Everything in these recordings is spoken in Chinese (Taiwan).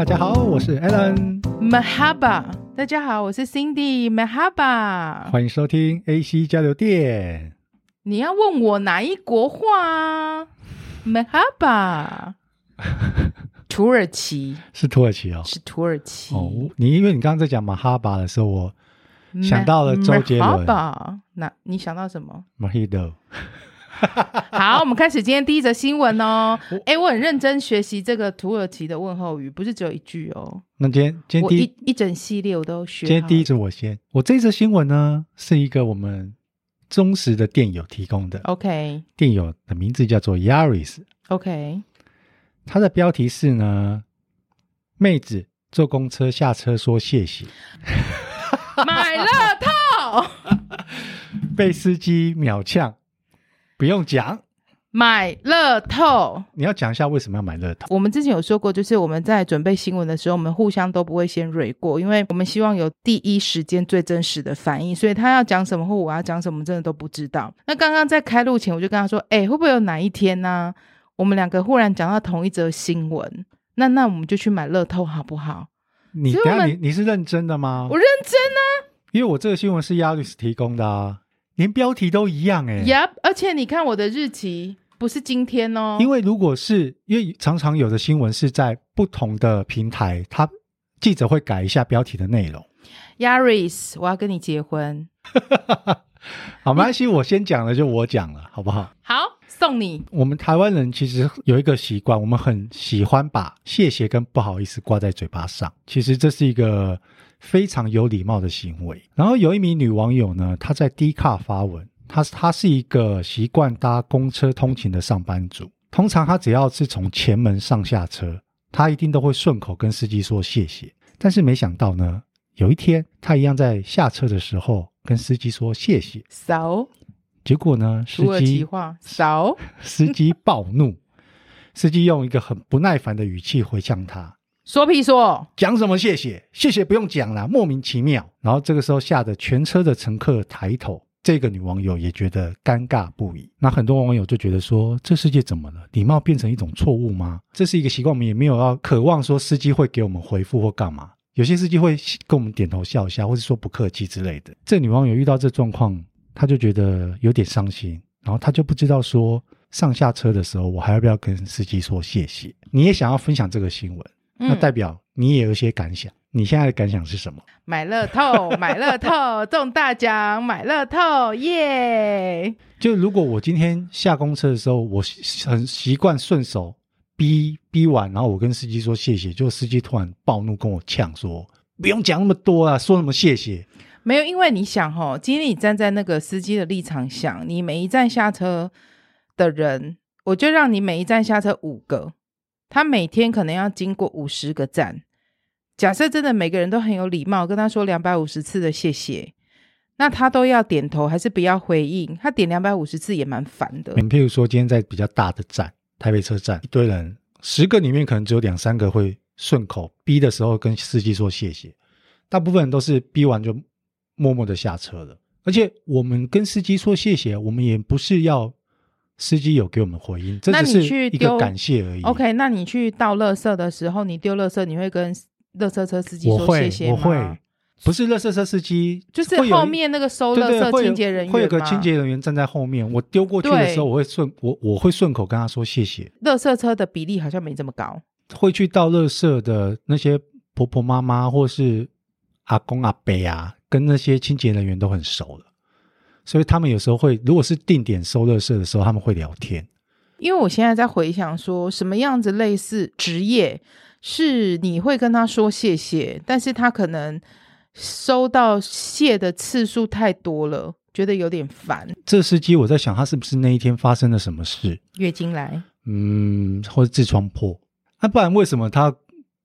大家好，我是 Allen。Mahaba，大家好，我是 Cindy Mahaba。歡迎收聽 AC 交流電。你要問我哪一國話？Mahaba， 土耳其是土耳其哦，是土耳其。哦，你因為你剛剛在講 Mahaba 的時候，我想到了周杰倫。那你想到什麼？Mojito 好，我們開始今天第一則新聞哦。哎、欸，我很認真學習這個土耳其的問候語，不是只有一句哦。那今天今天第一,一,一整系列我都學。今天第一則我先，我這則新聞呢是一個我們忠實的電友提供的。OK，電友的名字叫做 Yaris。OK，它的標題是呢，妹子坐公車下車說謝謝， 買了套 被司機秒嗆。不用講，買樂透。你要講一下為什麼要買樂透？我們之前有說過，就是我們在準備新聞的時候，我們互相都不會先雷過，因為我們希望有第一時間最真實的反應。所以他要講什麼或我要講什麼，真的都不知道。那剛剛在開錄前，我就跟他說：“哎、欸，會不會有哪一天呢、啊？我們兩個忽然講到同一則新聞，那那我們就去買樂透好不好？”你不要，你你是認真的嗎？我認真啊，因為我這個新聞是 Yaris 提供的啊。連標題都一樣哎、欸，Yep, 而且你看我的日期不是今天哦，因為如果是因為常常有的新聞是在不同的平台，他記者會改一下標題的內容。Yaris，我要跟你結婚。 好、嗯，沒關係，我先講了，就我講了，好不好？好，送你。我們台灣人其實有一個習慣，我們很喜歡把謝謝跟不好意思掛在嘴巴上。其實這是一個。非常有禮貌的行為。然後有一名女網友呢，她在 D 卡發文，她她是一個習慣搭公車通勤的上班族。通常她只要是從前門上下車，她一定都會順口跟司機說謝謝。但是沒想到呢，有一天她一樣在下車的時候跟司機說謝謝沙歐，結果呢，司機話沙歐，司機暴怒， 司機用一個很不耐煩的語氣回向她，說屁說，講什麼？謝謝，謝謝，不用講啦，莫名其妙。然後這個時候，嚇得全車的乘客抬頭，這個女網友也覺得尷尬不已。那很多網友就覺得說，這世界怎麼了？禮貌變成一種錯誤嗎？這是一個習慣，我們也沒有要渴望說，司機會給我們回復或幹嘛？有些司機會跟我們點頭笑一下，或是說不客氣之類的。這女網友遇到這狀況，她就覺得有點傷心，然後她就不知道說，上下車的時候，我還要不要跟司機說謝謝？你也想要分享這個新聞。嗯、那代表你也有一些感想，你現在的感想是什麼？買樂透，買樂透， 中大獎，買樂透，耶、yeah!！就如果我今天下公車的時候，我很習慣順手逼逼完，然後我跟司機說謝謝，就司機突然暴怒跟我嗆說：“不用講那麼多啊，說什麼謝謝？”沒有，因為你想哈，今天你站在那個司機的立場上想，你每一站下車的人，我就讓你每一站下車五個。他每天可能要經過五十個站，假設真的每個人都很有禮貌，跟他說兩百五十次的謝謝，那他都要點頭還是不要回應？他點兩百五十次也蠻煩的。你譬如說今天在比較大的站，台北車站，一堆人，十個裡面可能只有兩三個會順口逼的時候跟司機說謝謝，大部分人都是逼完就默默的下車了。而且我們跟司機說謝謝，我們也不是要。司機有給我們回應，這只是一個感謝而已。OK，那你去倒垃圾的時候，你丟垃圾，你會跟垃圾車司機說謝謝嗎？我會，我會，不是垃圾車司機，就是後面那個收垃圾清潔人員會會，會有個清潔人員站在後面。我丟過去的時候，我會順我我會順口跟他說謝謝。垃圾車的比例好像沒這麼高。會去倒垃圾的那些婆婆媽媽，或是阿公阿伯啊，跟那些清潔人員都很熟了。所以他們有時候會，如果是定點收垃圾的時候，他們會聊天。因為我現在在回想說，說什麼樣子類似職業，是你會跟他說謝謝，但是他可能收到謝的次數太多了，覺得有點煩。這司機我在想，他是不是那一天發生了什麼事？月經來？嗯，或是痔瘡破？那、啊、不然為什麼他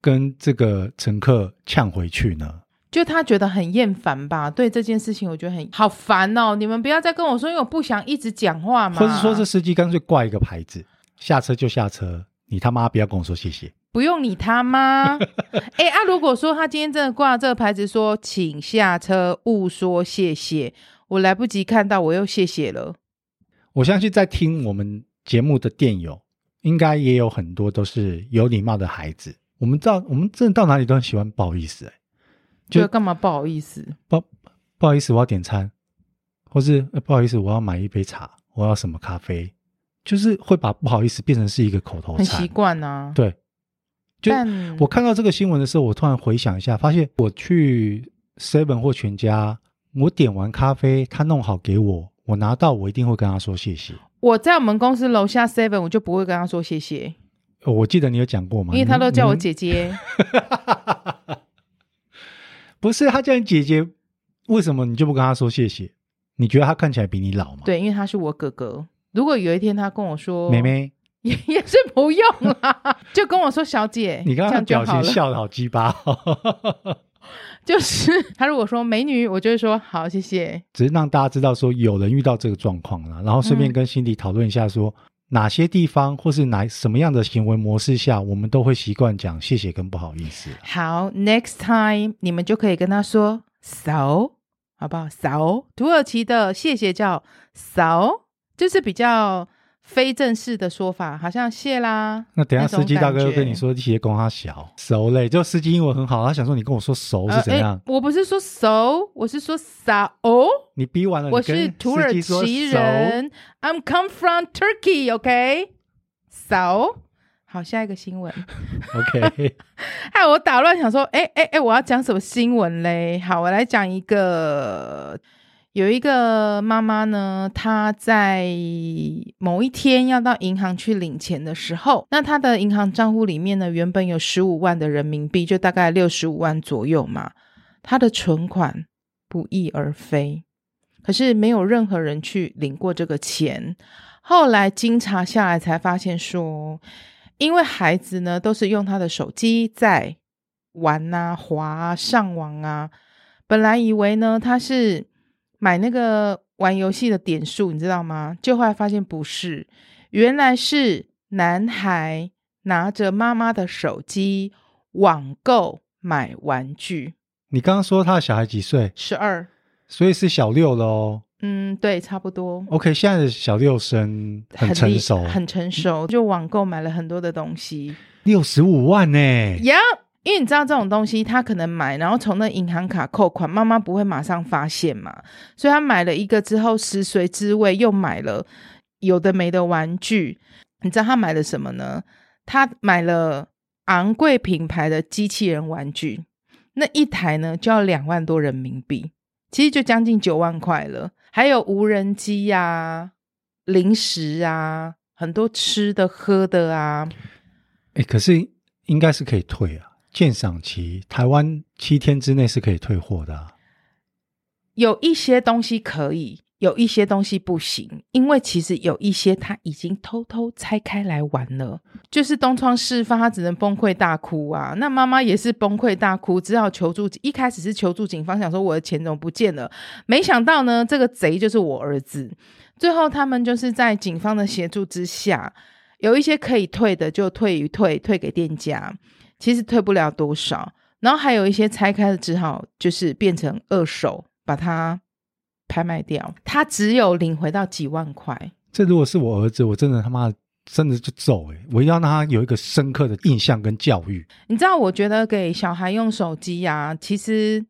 跟這個乘客嗆回去呢？就他覺得很厭煩吧，對這件事情我覺得很好煩哦。你們不要再跟我說，因為我不想一直講話嘛。或是說，這司機乾脆掛一個牌子，下車就下車，你他媽不要跟我說謝謝。不用你他媽。哎、 欸，啊，如果說他今天真的掛了這個牌子說，請下車，勿說謝謝，我來不及看到，我又謝謝了。我相信在聽我們節目的電友，應該也有很多都是有禮貌的孩子。我們知道，我們真的到哪裡都很喜歡不好意思就、這個、幹嘛不好意思？不不好意思，我要點餐，或是、呃、不好意思，我要買一杯茶，我要什麼咖啡？就是會把不好意思變成是一個口頭。很習慣啊，對，就但我看到這個新聞的時候，我突然回想一下，發現我去 Seven 或全家，我點完咖啡，他弄好給我，我拿到，我一定會跟他說謝謝。我在我們公司樓下 Seven，我就不會跟他說謝謝哦。我記得你有講過嗎？因為他都叫我姐姐。嗯嗯 不是他叫你姐姐，為什麼你就不跟他說謝謝？你覺得他看起來比你老嗎？對，因為他是我哥哥。如果有一天他跟我說“妹妹”，也，也是不用啦， 就跟我說“小姐”你。你剛剛表情笑得好雞巴好， 就是他如果說“美女”，我就會說好“好謝謝”。只是讓大家知道說有人遇到這個狀況了，然後順便跟 Cindy 討論一下說。嗯哪些地方，或是哪什麼樣的行為模式下，我們都會習慣講謝謝跟不好意思啊？好，next time 你們就可以跟他說 sağ ol，好不好？sağ ol 土耳其的謝謝叫 sağ ol，就是比較，非正式的說法，好像謝啦。那等下司機大哥跟你說，謝公他小熟嘞，就司機英文很好，他想說你跟我說熟是怎樣？呃、我不是說熟，我是說沙歐，你逼完了。我是土耳其人，I'm come from Turkey，OK？、Okay? 熟，好，下一個新聞 ，OK？ 害我打亂想說，哎哎哎，我要講什麼新聞嘞？好，我來講一個。有一個媽媽呢，她在某一天要到銀行去領錢的時候，那她的銀行賬戶裡面呢，原本有十五萬的人民幣，就大概六十五萬左右嘛，她的存款不翼而飛，可是沒有任何人去領過這個錢。後來經查下來，才發現說，因為孩子呢都是用他的手機在玩啊、滑啊、上網啊，本來以為呢他是。買那個玩遊戲的點數，你知道嗎？就後來發現不是，原來是男孩拿着媽媽的手機網購買玩具。你剛剛說他的小孩幾歲？十二，所以是小六囉。嗯，對，差不多。OK，現在的小六生很成熟，很，很成熟，嗯，就網購買了很多的東西，六十五萬呢，欸。y、Yeah! 因為你知道這種東西，他可能買，然後從那銀行卡扣款，媽媽不會馬上發現嘛，所以他買了一個之後，食髓知味又買了有的沒的玩具。你知道他買了什麼呢？他買了昂貴品牌的機器人玩具，那一台呢就要兩萬多人民幣，其實就將近九萬塊了。還有無人機呀、啊，零食啊，很多吃的喝的啊。哎、欸，可是應該是可以退啊。鑑賞期，台灣七天之內是可以退貨的啊。有一些東西可以，有一些東西不行，因為其實有一些他已經偷偷拆開來玩了，就是東窗事發，他只能崩潰大哭啊！那媽媽也是崩潰大哭，只好求助。一開始是求助警方，想說我的錢怎麼不見了，沒想到呢，這個賊就是我兒子。最後他們就是在警方的協助之下，有一些可以退的就退一退，退給店家。其實退不了多少，然後還有一些拆開了，只好就是變成二手，把它拍賣掉。他只有領回到幾萬塊。這如果是我兒子，我真的他媽真的就走欸！我要讓他有一個深刻的印象跟教育。你知道，我覺得給小孩用手機呀，其實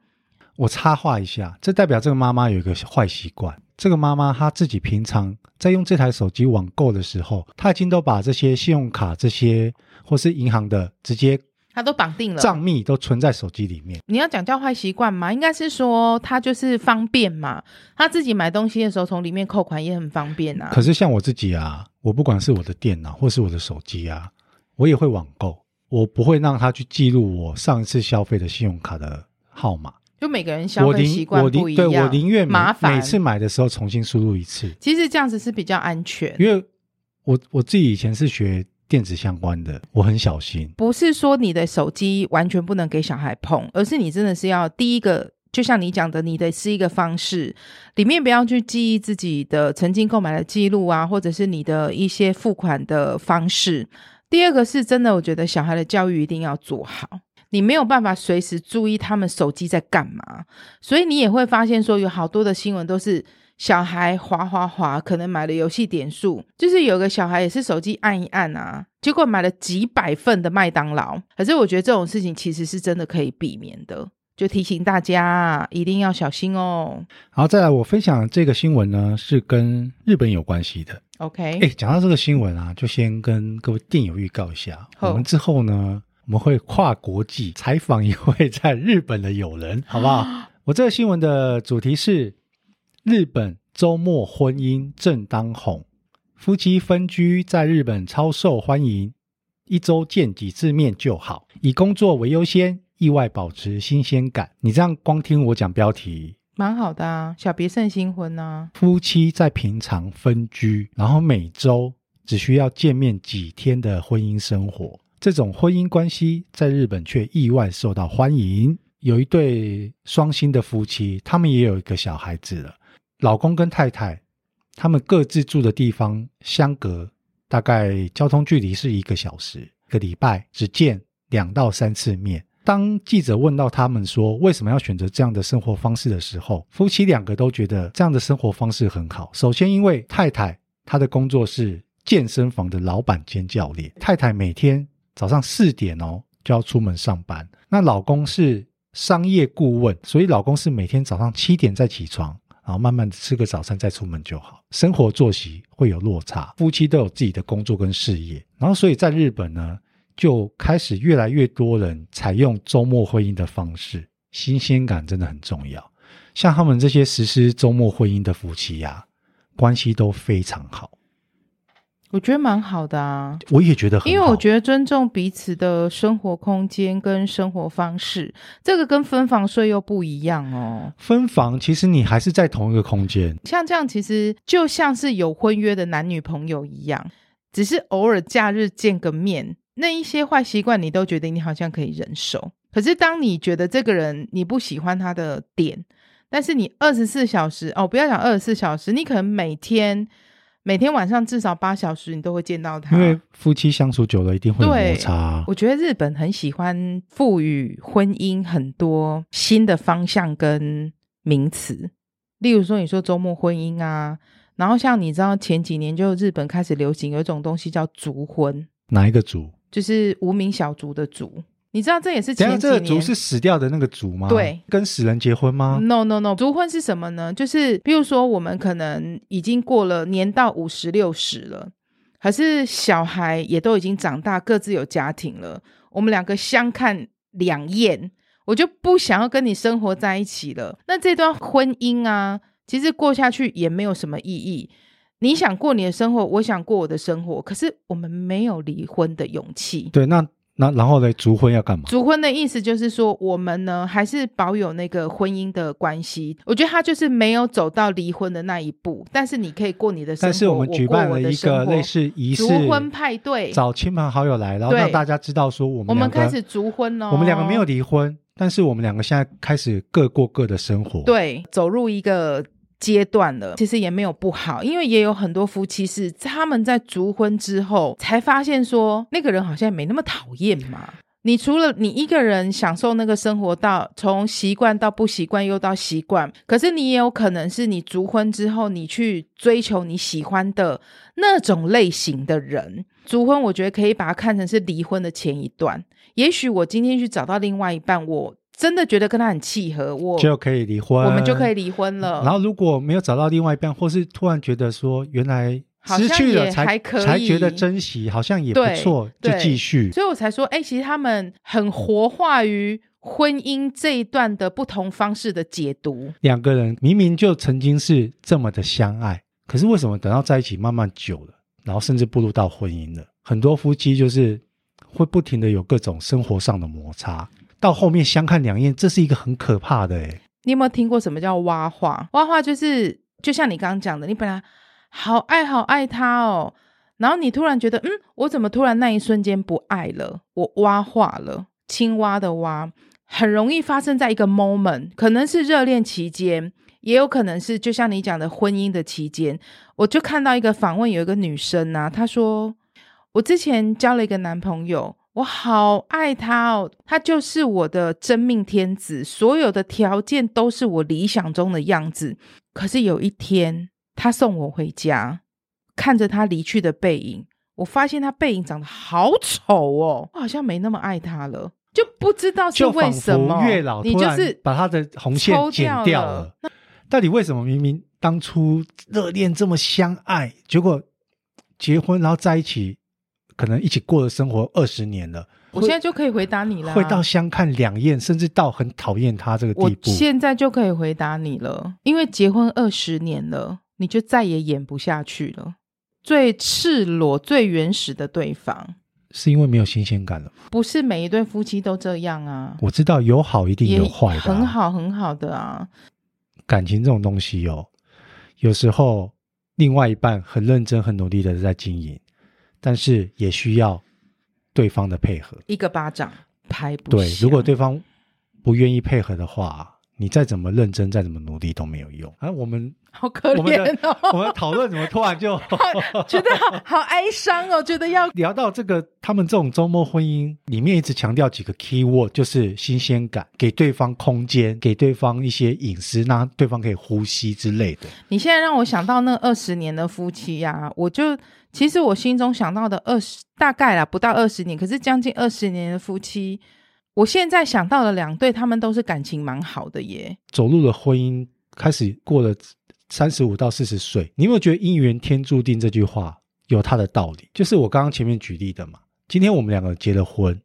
我插話一下，這代表這個媽媽有一個壞習慣。這個媽媽她自己平常在用這台手機網購的時候，她已經都把這些信用卡這些或是銀行的直接。他都綁定了，賬密都存在手機裡面。你要講叫壞習慣嗎？應該是說他就是方便嘛。他自己買東西的時候從裡面扣款也很方便啊。可是像我自己啊，我不管是我的電腦或是我的手機啊，我也會網購，我不會讓他去記錄我上一次消費的信用卡的號碼。就每個人消費習慣不一樣，我我對我寧願麻煩，每次買的時候重新輸入一次，其實這樣子是比較安全。因為我，我我自己以前是學。電子相關的，我很小心。不是說你的手機完全不能給小孩碰，而是你真的是要第一個，就像你講的，你的是一個方式，裡面不要去記憶自己的曾經購買的記錄啊，或者是你的一些付款的方式。第二個是真的，我覺得小孩的教育一定要做好，你沒有辦法隨時注意他們手機在幹嘛，所以你也會發現說，有好多的新聞都是。小孩滑滑滑，可能買了遊戲點數，就是有個小孩也是手機按一按啊，結果買了幾百份的麥當勞。可是我覺得這種事情其實是真的可以避免的，就提醒大家一定要小心哦。好，再來我分享這個新聞呢，是跟日本有關係的。OK，哎、欸，講到這個新聞啊，就先跟各位電友預告一下，我們之後呢，我們會跨國際採訪一位在日本的友人，好不好？ 我這個新聞的主題是。日本週末婚姻正當紅，夫妻分居在日本超受歡迎，一周見幾次面就好，以工作為優先，意外保持新鮮感。你這樣光聽我講標題，蠻好的啊，小別勝新婚呐、啊。夫妻在平常分居，然後每周只需要見面幾天的婚姻生活，這種婚姻關係在日本卻意外受到歡迎。有一對雙薪的夫妻，他們也有一個小孩子了。老公跟太太，他們各自住的地方相隔，大概交通距離是一個小時。一個禮拜只見兩到三次面。當記者問到他們說，為什麼要選擇這樣的生活方式的時候，夫妻兩個都覺得這樣的生活方式很好。首先，因為太太她的工作是健身房的老闆兼教練，太太每天早上四點哦就要出門上班。那老公是商業顧問，所以老公是每天早上七點再起床。然後慢慢的吃個早餐再出門就好，生活作息會有落差，夫妻都有自己的工作跟事業，然後所以在日本呢，就開始越來越多人採用周末婚姻的方式，新鮮感真的很重要。像他們這些實施周末婚姻的夫妻啊，關係都非常好。我覺得蠻好的啊，我也覺得很好，因為我覺得尊重彼此的生活空間跟生活方式，這個跟分房睡又不一樣哦。分房其實你還是在同一個空間，像這樣其實就像是有婚約的男女朋友一樣，只是偶爾假日見個面，那一些壞習慣你都覺得你好像可以忍受。可是當你覺得這個人你不喜歡他的點，但是你二十四小時哦，不要講二十四小時，你可能每天。每天晚上至少八小時，你都會見到他。因為夫妻相處久了，一定會有摩擦。啊對。我覺得日本很喜歡賦予婚姻很多新的方向跟名詞，例如說，你說周末婚姻啊，然後像你知道前幾年就日本開始流行有一種東西叫“卒婚”，哪一個“卒”？就是無名小卒的“卒”。你知道這也是？怎樣？這個卒是死掉的那個卒嗎？對，跟死人結婚嗎？No No No，卒婚是什麼呢？就是比如說，我們可能已經過了年到五十六十了，可是小孩也都已經長大，各自有家庭了。我們兩個相看兩厭，我就不想要跟你生活在一起了。那這段婚姻啊，其實過下去也沒有什麼意義。你想過你的生活，我想過我的生活，可是我們沒有離婚的勇氣。對，那。那然後呢？卒婚要幹嘛？卒婚的意思就是說，我們呢還是保有那個婚姻的關係。我覺得他就是沒有走到離婚的那一步，但是你可以過你的生活。但是我們舉辦了一個類似儀式，卒婚派對，找親朋好友來，然後讓大家知道說我們兩個我們開始卒婚哦。我們兩個沒有離婚，但是我們兩個現在開始各過各的生活。對，走入一個。階段了，其實也沒有不好，因為也有很多夫妻是他們在卒婚之後才發現說，那個人好像也沒那麼討厭嘛。你除了你一個人享受那個生活到，到從習慣到不習慣又到習慣，可是你也有可能是你卒婚之後，你去追求你喜歡的那種類型的人。卒婚，我覺得可以把它看成是離婚的前一段。也許我今天去找到另外一半，我，真的覺得跟他很契合，我就可以離婚，我們就可以離婚了。嗯、然後如果沒有找到另外一半，或是突然覺得說原來失去了才還可以才覺得珍惜，好像也不錯，就繼續。所以我才說，哎、欸，其實他們很活化於婚姻這一段的不同方式的解讀。兩個人明明就曾經是這麼的相愛，可是為什麼等到在一起慢慢久了，然後甚至步入到婚姻了，很多夫妻就是會不停的有各種生活上的摩擦。到後面相看兩厭，這是一個很可怕的、欸。你有沒有聽過什麼叫蛙化？蛙化就是就像你剛剛講的，你本來好愛好愛他哦，然後你突然覺得，嗯，我怎麼突然那一瞬間不愛了？我蛙化了，青蛙的蛙，很容易發生在一個 moment，可能是熱戀期間，也有可能是就像你講的婚姻的期間。我就看到一個訪問，有一個女生啊，她說我之前交了一個男朋友。我好愛他哦，他就是我的真命天子，所有的條件都是我理想中的樣子。可是有一天，他送我回家，看着他離去的背影，我發現他背影長得好醜哦，我好像沒那麼愛他了，就不知道是為什麼。就月老你就是突然把他的紅線剪掉了，到底為什麼？明明當初熱戀這麼相愛，結果結婚然後在一起。可能一起過的生活二十年了，我現在就可以回答你了啊。會到相看兩厭，甚至到很討厭他這個地步。我現在就可以回答你了，因為結婚二十年了，你就再也演不下去了。最赤裸、最原始的對方，是因為沒有新鮮感了。不是每一對夫妻都這樣啊。我知道有好一定有壞的啊，很好很好的啊。感情這種東西哦，有時候另外一半很認真、很努力的在經營。但是也需要對方的配合，一個巴掌拍不響。對，如果對方不願意配合的話。你再怎麼認真，再怎麼努力都沒有用。啊、我們好可憐哦！我們，我們討論怎麼突然就 好 覺得好好哀傷哦，覺得要 聊到這個。他們這種周末婚姻裡面一直強調幾個 key word，就是新鮮感，給對方空間，給對方一些隱私，讓對方可以呼吸之類的。你現在讓我想到那二十年的夫妻呀，啊，我就其實我心中想到的二十大概啦，不到二十年，可是將近二十年的夫妻。我現在想到了兩對，他們都是感情蠻好的耶。走入了婚姻，開始過了三十五到四十歲，你有沒有覺得“姻緣天注定”這句話有它的道理？就是我剛剛前面舉例的嘛。今天我們兩個結了婚，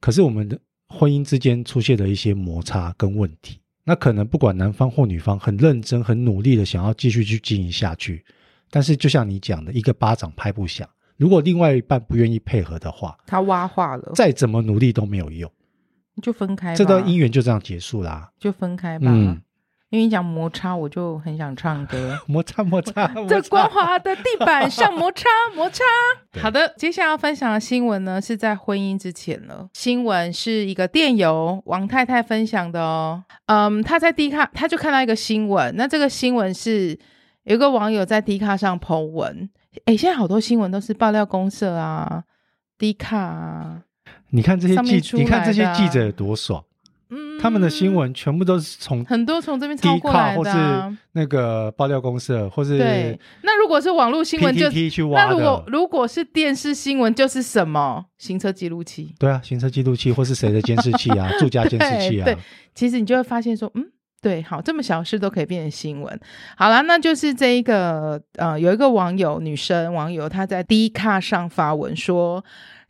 可是我們的婚姻之間出現了一些摩擦跟問題。那可能不管男方或女方，很認真、很努力的想要繼續去經營下去，但是就像你講的，一個巴掌拍不響。如果另外一半不願意配合的話，他挖化了，再怎麼努力都沒有用。就分開，這段姻緣就這樣結束啦。就分開吧，嗯，因為你講摩擦，我就很想唱歌。摩擦摩擦，在光滑的地板上摩擦摩擦。 好的，接下來要分享的新聞呢，是在婚姻之前了。新聞是一個電郵，王太太分享的哦。嗯，她在 D 卡，她就看到一個新聞。那這個新聞是有一個網友在 D 卡上 PO 文。哎、欸，現在好多新聞都是爆料公社啊，D 卡啊。你看這些記者、啊，你看這些記者有多爽，嗯、他們的新聞全部都是從很多從這邊查過來的、啊，或是那個爆料公社，或是對。那如果是網絡新聞就是 PTT，去挖的，那如果如果是電視新聞就是什麼行車記錄器，對啊，行車記錄器或是誰的監視器啊， 住家監視器啊對。對，其實你就會發現說，嗯，對，好，這麼小事都可以變成新聞。好了，那就是這一個，呃，有一個網友女生網友她在 D 卡上發文說。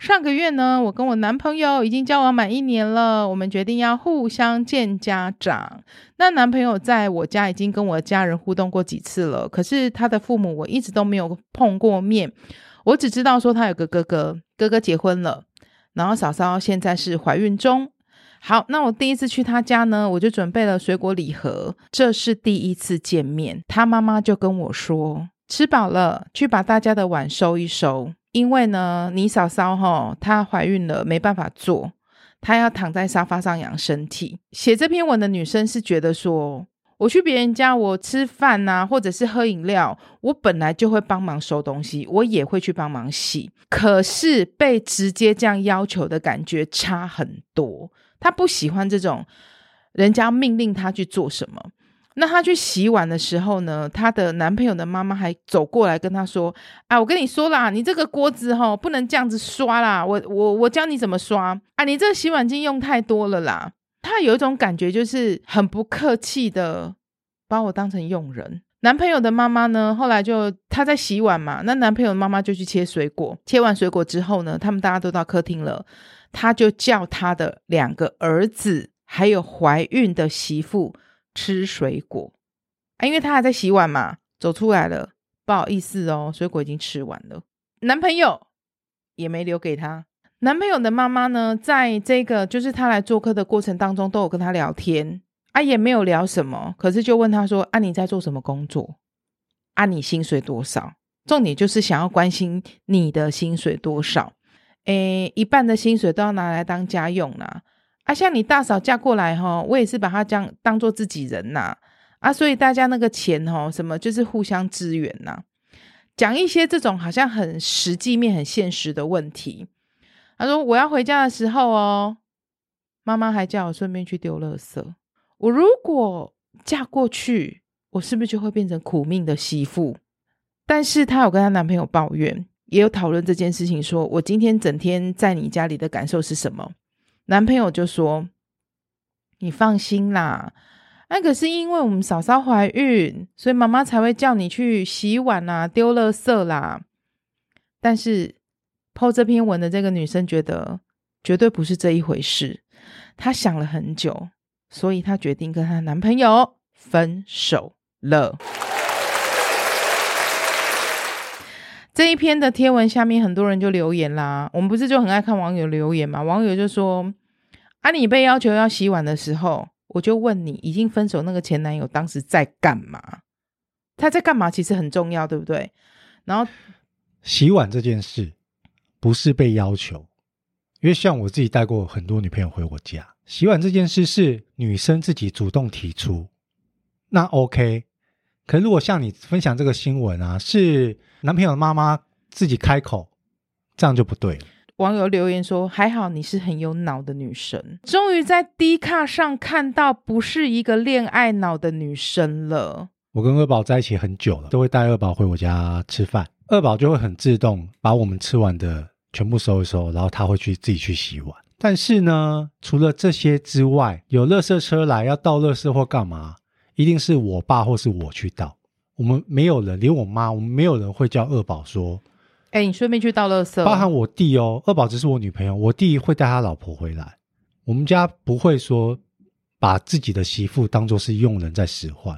上個月呢，我跟我男朋友已經交往滿一年了。我們決定要互相見家長。那男朋友在我家已經跟我家人互動過幾次了，可是他的父母我一直都沒有碰過面。我只知道說他有個哥哥，哥哥結婚了，然後嫂嫂現在是懷孕中。好，那我第一次去他家呢，我就準備了水果禮盒。這是第一次見面，他媽媽就跟我說：“吃飽了，去把大家的碗收一收。”因為呢，你嫂嫂齁，她懷孕了，沒辦法做，她要躺在沙發上養身體。寫這篇文的女生是覺得說，我去別人家，我吃飯吶、啊，或者是喝飲料，我本來就會幫忙收東西，我也會去幫忙洗，可是被直接這樣要求的感覺差很多。她不喜歡這種人家命令她去做什麼。那她去洗碗的時候呢，她的男朋友的媽媽還走過來跟她說：“啊，我跟你說啦，你這個鍋子哈、哦、不能這樣子刷啦，我我我教你怎麼刷啊！你這個洗碗精用太多了啦。”她有一種感覺，就是很不客氣的把我當成傭人。男朋友的媽媽呢，後來就她在洗碗嘛，那男朋友的媽媽就去切水果。切完水果之後呢，他們大家都到客廳了，她就叫她的兩個兒子，還有懷孕的媳婦。吃水果啊，因為他還在洗碗嘛，走出來了，不好意思哦，水果已經吃完了。男朋友也沒留給他。男朋友的媽媽呢，在這個就是他來做客的過程當中，都有跟他聊天啊，也沒有聊什麼，可是就問他說：“啊，你在做什麼工作？啊，你薪水多少？”重點就是想要關心你的薪水多少，誒，一半的薪水都要拿來當家用啦。啊，像你大嫂嫁過來哦，我也是把她當當做自己人吶、啊。啊，所以大家那個錢哦，什麼就是互相支援吶、啊。講一些這種好像很實際面、很現實的問題。她說：“我要回家的時候哦，媽媽還叫我順便去丟垃圾。我如果嫁過去，我是不是就會變成苦命的媳婦？”但是她有跟她男朋友抱怨，也有討論這件事情說，說我今天整天在你家裡的感受是什麼。男朋友就說：“你放心啦，那、啊、可是因為我們嫂嫂懷孕，所以媽媽才會叫你去洗碗啦、丟垃圾啦。”但是 PO 這篇文的這個女生覺得絕對不是這一回事，她想了很久，所以她決定跟她男朋友分手了。這一篇的貼文下面很多人就留言啦，我們不是就很愛看網友留言嘛，網友就說：“啊，你被要求要洗碗的時候，我就問你，已經分手那個前男友當時在幹嘛？他在幹嘛？其實很重要，對不對？”然後洗碗這件事不是被要求，因為像我自己帶過很多女朋友回我家，洗碗這件事是女生自己主動提出。那 OK。可是如果像你分享這個新聞啊，是男朋友的媽媽自己開口，這樣就不對了。網友留言說：“還好你是很有腦的女生，終於在 D 卡上看到不是一個戀愛腦的女生了。”我跟二寶在一起很久了，都會帶二寶回我家吃飯，二寶就會很自動把我們吃完的全部收一收，然後他會去自己去洗碗。但是呢，除了這些之外，有垃圾車來要倒垃圾或幹嘛？一定是我爸或是我去倒，我們沒有人，連我媽，我們沒有人會叫二寶說：“哎、欸，你順便去倒垃圾哦。”包含我弟哦，二寶只是我女朋友，我弟會帶他老婆回來，我們家不會說把自己的媳婦當作是傭人在使喚。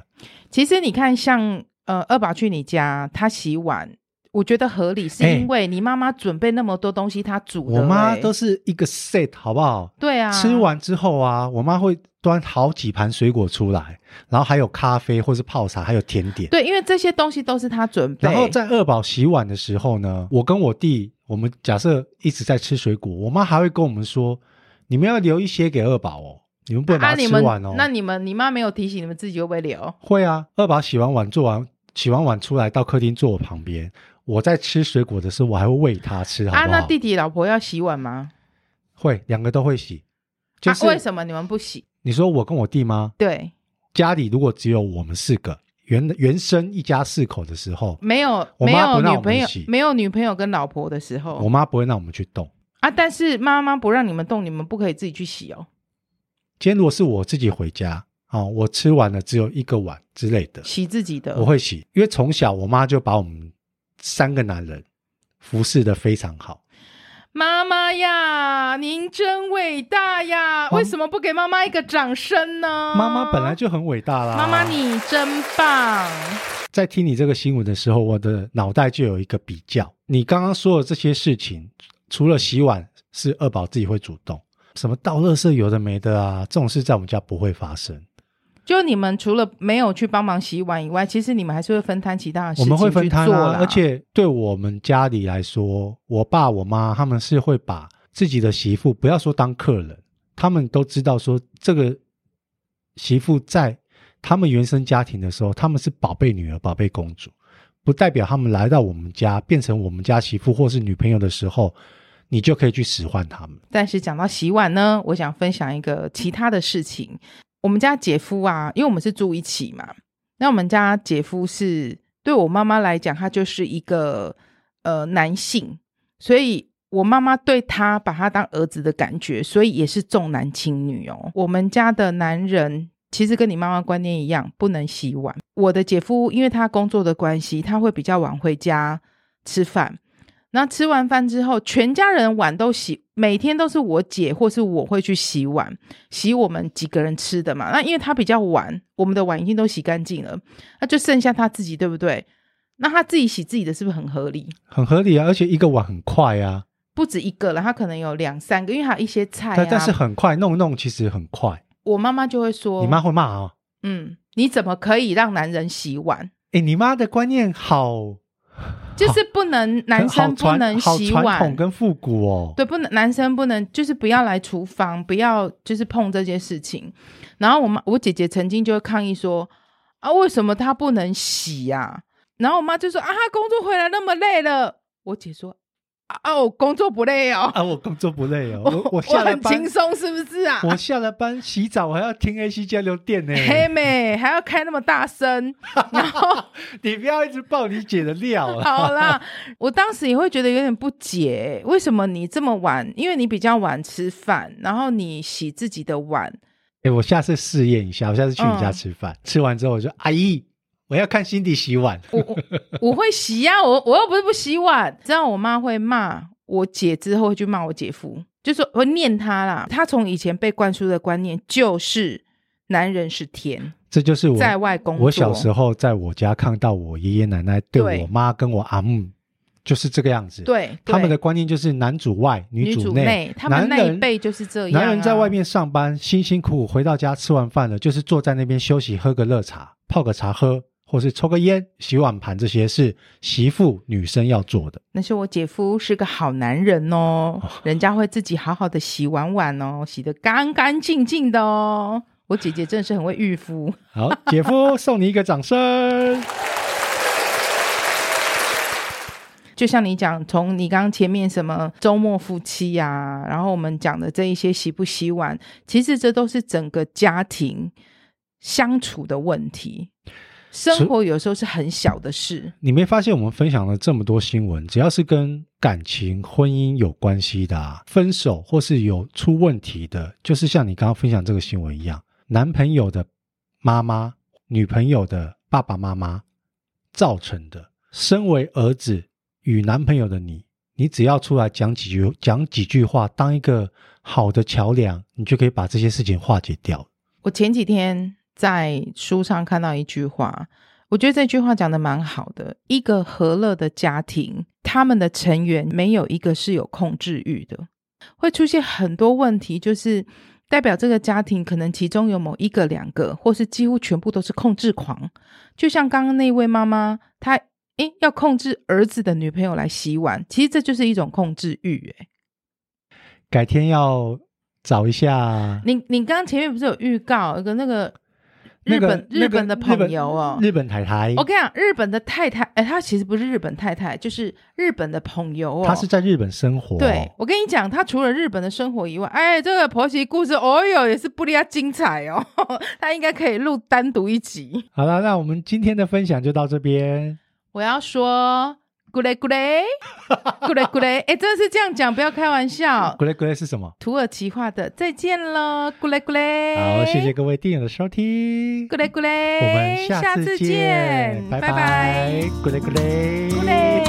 其實你看像，像呃，二寶去你家，他洗碗。我覺得合理，是因為你媽媽準備那麼多東西，她煮，欸欸。我媽都是一個 set 好不好？對啊。吃完之後啊，我媽會端好幾盤水果出來，然後還有咖啡，或是泡茶，還有甜點。對，因為這些東西都是她準備。然後在二寶洗碗的時候呢，我跟我弟，我們假設一直在吃水果，我媽還會跟我們說：“你們要留一些給二寶哦，你們不能、啊啊、吃完哦。”那你們，你媽沒有提醒你們自己會不會留？會啊，二寶洗完碗，做完洗完碗出來到客廳坐我旁邊。我在吃水果的時候，我還會餵他吃好不好？啊，那弟弟、老婆要洗碗嗎？會，兩個都會洗。就是，啊，為什麼你們不洗？你說我跟我弟嗎？對。家裡如果只有我們四個，原原生一家四口的時候，沒有，沒有沒有女朋友，沒有女朋友跟老婆的時候，我媽不會讓我們去動。啊，但是媽媽不讓你們動，你們不可以自己去洗哦。今天如果是我自己回家啊，哦，我吃完了只有一個碗之類的，洗自己的，我會洗，因為從小我媽就把我們。三個男人服侍的非常好，媽媽呀，您真偉大呀，媽媽！為什麼不給媽媽一個掌聲呢？媽媽本來就很偉大啦。媽媽，你真棒！在聽你這個新聞的時候，我的腦袋就有一個比較。你剛剛說的這些事情，除了洗碗是二寶自己會主動，什麼倒垃圾有的沒的啊，這種事在我們家不會發生。就你們除了沒有去幫忙洗碗以外，其實你們還是會分攤其他的事情。我們會分攤啊，去做啦。而且對我們家裡來說，我爸我媽他們是會把自己的媳婦，不要說當客人，他們都知道說這個媳婦在他們原生家庭的時候，他們是寶貝女兒、寶貝公主，不代表他們來到我們家變成我們家媳婦或是女朋友的時候，你就可以去使喚他們。但是講到洗碗呢，我想分享一個其他的事情。我們家姐夫啊，因為我們是住一起嘛，那我們家姐夫是對我媽媽來講，他就是一個呃男性，所以我媽媽對他，把他當兒子的感覺，所以也是重男輕女哦。我們家的男人其實跟你媽媽觀念一樣，不能洗碗。我的姐夫因為他工作的關係，他會比較晚回家吃飯。那吃完飯之後，全家人碗都洗，每天都是我姐或是我會去洗碗，洗我們幾個人吃的嘛。那因為她比較晚，我們的碗已經都洗乾淨了，那就剩下她自己，對不對？那她自己洗自己的是不是很合理？很合理啊，而且一個碗很快啊，不止一個了，她可能有兩三個，因為還有一些菜，啊但，但是很快，弄一弄其實很快。我媽媽就會說：“你媽會罵啊，嗯，你怎麼可以讓男人洗碗？”哎、欸，你媽的觀念好。就是不能男生不能洗碗，跟復古哦。對，不能男生不能，就是不要來廚房，不要就是碰這些事情。然後我媽我姐姐曾經就會抗議說啊，為什麼她不能洗呀、啊？然後我媽就說啊，她工作回來那麼累了。我姐說。哦、啊，我工作不累哦！啊，我工作不累哦，我我，下班我很輕鬆，是不是啊？我下了班洗澡，我還要聽 AC 交流電呢、欸，黑妹還要開那麼大聲， 然後你不要一直爆你姐的料。好啦，我當時也會覺得有點不解，為什麼你這麼晚？因為你比較晚吃飯，然後你洗自己的碗。哎、欸，我下次試驗一下，我下次去你家吃飯，嗯，吃完之後我說阿姨。我要看 Cindy 洗碗。我。我我我會洗呀、啊，我我又不是不洗碗。知道我媽會罵我姐，之後會去罵我姐夫，就是我念他啦。他從以前被灌輸的觀念就是男人是天，這就是我在外工作。我小時候在我家看到我爺爺奶奶對我媽跟我阿母就是這個樣子。對，他們的觀念就是男主外女主內。他們那一輩就是這樣，男人在外面上班，辛辛苦苦回到家吃完飯了，就是坐在那邊休息，喝個熱茶，泡個茶喝。或是抽個菸、洗碗盤，這些是媳婦、女生要做的。那是我姐夫是個好男人哦,哦，人家會自己好好的洗碗碗哦，洗得干干淨淨的哦。我姐姐真的是很會馭夫。 好，姐夫，送你一個掌聲。 就像你講，從你剛前面什麼周末夫妻呀、啊，然後我們講的這一些洗不洗碗，其實這都是整個家庭相處的問題。生活有時候是很小的事，你沒發現我們分享了這麼多新聞，只要是跟感情、婚姻有關係的啊，分手或是有出問題的，就是像你剛剛分享這個新聞一樣，男朋友的媽媽、女朋友的爸爸媽媽造成的。身為兒子與男朋友的你，你只要出來講幾句、講幾句話，當一個好的橋梁，你就可以把這些事情化解掉。我前幾天在書上看到一句話，我覺得這句話講得蠻好的。一個和樂的家庭，他們的成員沒有一個是有控制慾的，會出現很多問題，就是代表這個家庭可能其中有某一個、兩個，或是幾乎全部都是控制狂。就像剛剛那位媽媽，她誒要控制兒子的女朋友來洗碗，其實這就是一種控制慾誒。改天要找一下你。你剛剛前面不是有預告一個那個？日本、那個、日本的朋友哦，日，日本太太，我跟你講，日本的太太，哎、欸，她其實不是日本太太，就是日本的朋友，哦，她是在日本生活，哦。對，我跟你講，她除了日本的生活以外，哎，這個婆媳故事哦喲也是不一樣精彩哦， 她應該可以錄單獨一集。好了，那我們今天的分享就到這邊。我要說。咕嘞咕嘞咕嘞咕嘞誒、 欸、真的是這樣講，不要開玩笑，笑咕嘞咕嘞是什麼土耳其話的再見嘍？咕嘞咕嘞好，謝謝各位電影的收聽。咕嘞咕嘞我們下次見，下次見拜拜咕嘞咕嘞咕嘞，咕嘞。